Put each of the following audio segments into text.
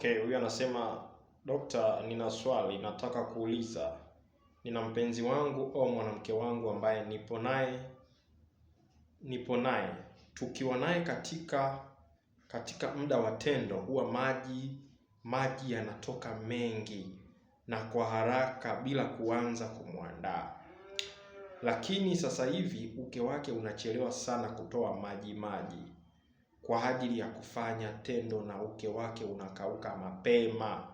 Okay, huyu anasema dokta, nina swali nataka kuuliza. Nina mpenzi wangu au mwanamke wangu ambaye nipo naye nipo naye, tukiwa naye katika katika muda wa tendo huwa maji maji yanatoka mengi na kwa haraka bila kuanza kumwandaa, lakini sasa hivi uke wake unachelewa sana kutoa maji maji kwa ajili ya kufanya tendo na uke wake unakauka mapema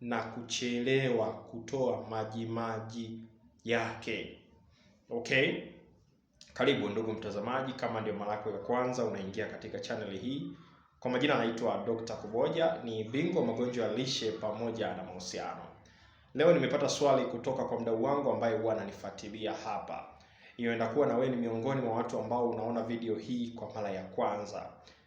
na kuchelewa kutoa majimaji yake. Okay, karibu ndugu mtazamaji, kama ndio mara yako ya kwanza unaingia katika chaneli hii, kwa majina anaitwa Dr. Kuboja, ni bingwa magonjwa ya lishe pamoja na mahusiano. Leo nimepata swali kutoka kwa mdau wangu ambaye huwa ananifuatilia hapa hiyo inakuwa na wewe ni miongoni mwa watu ambao unaona video hii kwa mara ya kwanza,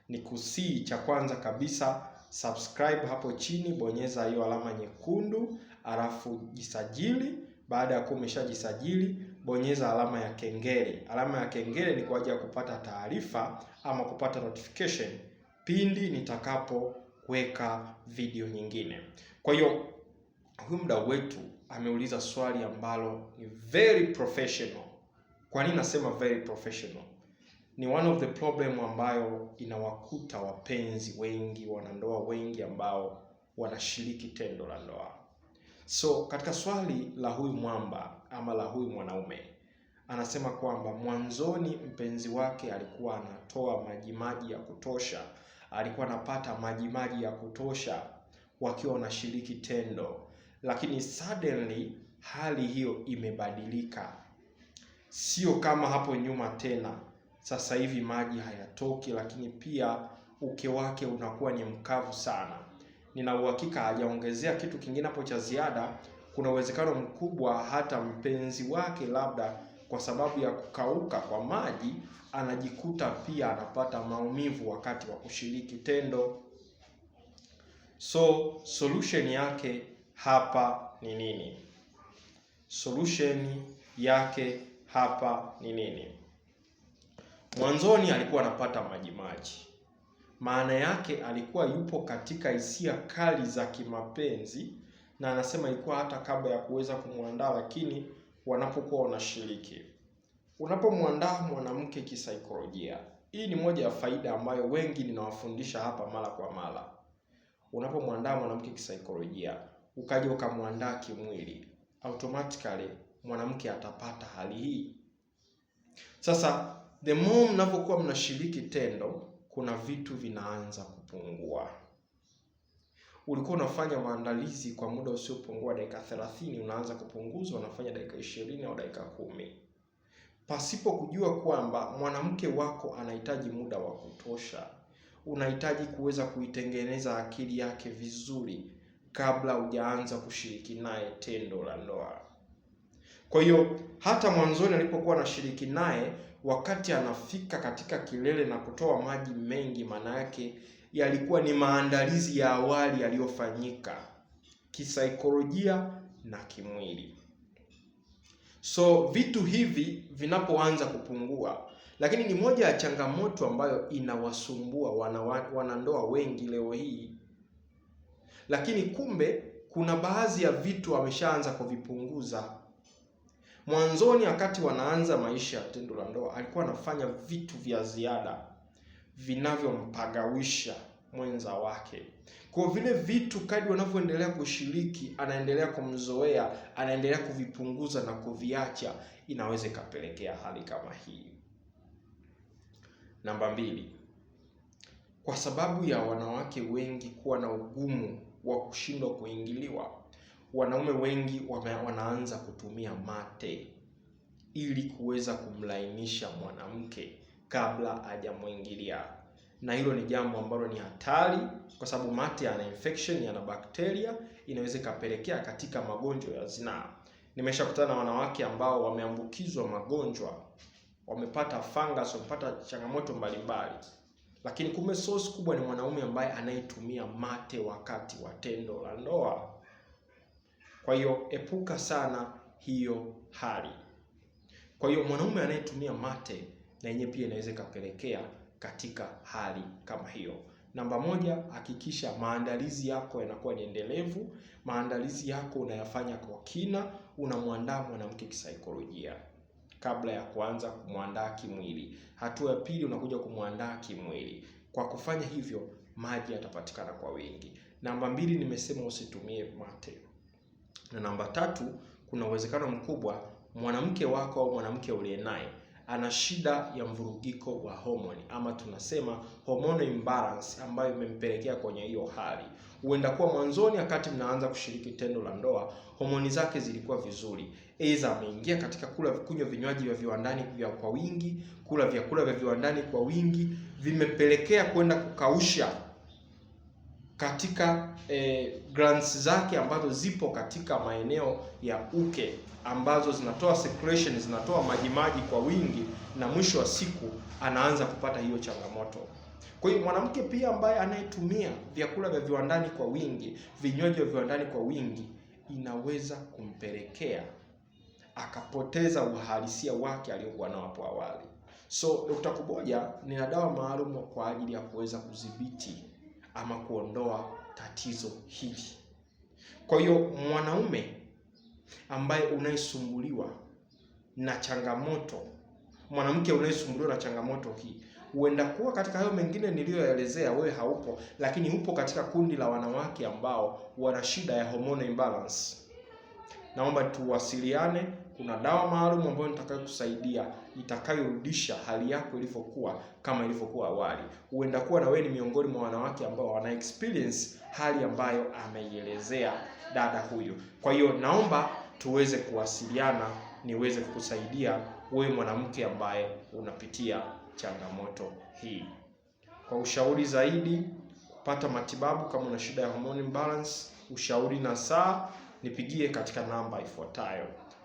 ni kusii cha kwanza kabisa subscribe hapo chini, bonyeza hiyo alama nyekundu, alafu jisajili. Baada ya kuwa umeshajisajili, bonyeza alama ya kengele. Alama ya kengele ni kwa ajili ya kupata taarifa ama kupata notification pindi nitakapoweka video nyingine. Kwa hiyo huyu mdau wetu ameuliza swali ambalo ni very professional kwa nini nasema very professional? Ni one of the problem ambayo inawakuta wapenzi wengi, wanandoa wengi ambao wanashiriki tendo la ndoa. So katika swali la huyu mwamba ama la huyu mwanaume anasema kwamba mwanzoni mpenzi wake alikuwa anatoa majimaji ya kutosha, alikuwa anapata majimaji ya kutosha wakiwa wanashiriki tendo, lakini suddenly hali hiyo imebadilika sio kama hapo nyuma tena. Sasa hivi maji hayatoki, lakini pia uke wake unakuwa ni mkavu sana. Nina uhakika hajaongezea kitu kingine hapo cha ziada. Kuna uwezekano mkubwa hata mpenzi wake, labda kwa sababu ya kukauka kwa maji, anajikuta pia anapata maumivu wakati wa kushiriki tendo. So solution yake hapa ni nini? Solution yake hapa ni nini? Mwanzoni alikuwa anapata majimaji, maana yake alikuwa yupo katika hisia kali za kimapenzi, na anasema ilikuwa hata kabla ya kuweza kumwandaa, lakini wanapokuwa wanashiriki, unapomwandaa mwanamke kisaikolojia. Hii ni moja ya faida ambayo wengi ninawafundisha hapa mara kwa mara. Unapomwandaa mwanamke kisaikolojia, ukaja ukamwandaa kimwili automatically mwanamke atapata hali hii. Sasa the more mnavyokuwa mnashiriki tendo, kuna vitu vinaanza kupungua. Ulikuwa unafanya maandalizi kwa muda usiopungua dakika thelathini, unaanza kupunguzwa, unafanya dakika ishirini au dakika kumi pasipo kujua kwamba mwanamke wako anahitaji muda wa kutosha. Unahitaji kuweza kuitengeneza akili yake vizuri kabla hujaanza kushiriki naye tendo la ndoa. Kwa hiyo hata mwanzoni alipokuwa anashiriki naye, wakati anafika katika kilele na kutoa maji mengi, maana yake yalikuwa ni maandalizi ya awali yaliyofanyika kisaikolojia na kimwili. So vitu hivi vinapoanza kupungua, lakini ni moja ya changamoto ambayo inawasumbua wana, wanandoa wengi leo hii, lakini kumbe kuna baadhi ya vitu ameshaanza kuvipunguza Mwanzoni wakati wanaanza maisha ya tendo la ndoa, alikuwa anafanya vitu vya ziada vinavyompagawisha mwenza wake. Kwa vile vitu kadri wanavyoendelea kushiriki, anaendelea kumzoea, anaendelea kuvipunguza na kuviacha, inaweza ikapelekea hali kama hii. Namba mbili, kwa sababu ya wanawake wengi kuwa na ugumu wa kushindwa kuingiliwa wanaume wengi wanaanza kutumia mate ili kuweza kumlainisha mwanamke kabla hajamwingilia, na hilo ni jambo ambalo ni hatari, kwa sababu mate yana infection, yana bakteria, inaweza ikapelekea katika magonjwa ya zinaa. Nimeshakutana na wanawake ambao wameambukizwa magonjwa, wamepata fungus, wamepata changamoto mbalimbali, lakini kumbe source kubwa ni mwanaume ambaye anaitumia mate wakati wa tendo la ndoa. Kwa hiyo epuka sana hiyo hali. Kwa hiyo mwanaume anayetumia mate na yenyewe pia inaweza ikapelekea katika hali kama hiyo. Namba moja, hakikisha maandalizi yako yanakuwa ni endelevu. Maandalizi yako unayafanya kwa kina, unamwandaa mwanamke kisaikolojia kabla ya kuanza kumwandaa kimwili. Hatua ya pili, unakuja kumwandaa kimwili. Kwa kufanya hivyo, maji yatapatikana kwa wingi. Namba mbili, nimesema usitumie mate. Na namba tatu, kuna uwezekano mkubwa mwanamke wako au mwanamke uliye naye ana shida ya mvurugiko wa homoni ama tunasema hormone imbalance ambayo imempelekea kwenye hiyo hali. Huenda kuwa mwanzoni, wakati mnaanza kushiriki tendo la ndoa, homoni zake zilikuwa vizuri, aidha ameingia katika kula kunywa vinywaji vya viwandani vya kwa wingi, kula vyakula vya viwandani kwa wingi, vimepelekea kwenda kukausha katika eh, glands zake ambazo zipo katika maeneo ya uke ambazo zinatoa secretion, zinatoa majimaji kwa wingi, na mwisho wa siku anaanza kupata hiyo changamoto. Kwa hiyo mwanamke pia ambaye anayetumia vyakula vya viwandani kwa wingi, vinywaji vya viwandani kwa wingi, inaweza kumpelekea akapoteza uhalisia wake aliyokuwa nao hapo awali. So Dr. Kuboja nina dawa maalum kwa ajili ya kuweza kudhibiti ama kuondoa tatizo hili. Kwa hiyo mwanaume ambaye unayesumbuliwa na changamoto, mwanamke unayesumbuliwa na changamoto hii, huenda kuwa katika hayo mengine niliyoelezea wewe haupo, lakini upo katika kundi la wanawake ambao wana shida ya hormone imbalance. Naomba tuwasiliane kuna dawa maalum ambayo nitakayokusaidia itakayorudisha hali yako ilivyokuwa kama ilivyokuwa awali. Huenda kuwa na wewe ni miongoni mwa wanawake ambao wana experience hali ambayo ameielezea dada huyu. Kwa hiyo naomba tuweze kuwasiliana, niweze kukusaidia wewe mwanamke ambaye unapitia changamoto hii. Kwa ushauri zaidi, kupata matibabu kama una shida ya hormone imbalance, ushauri na saa, nipigie katika namba ifuatayo.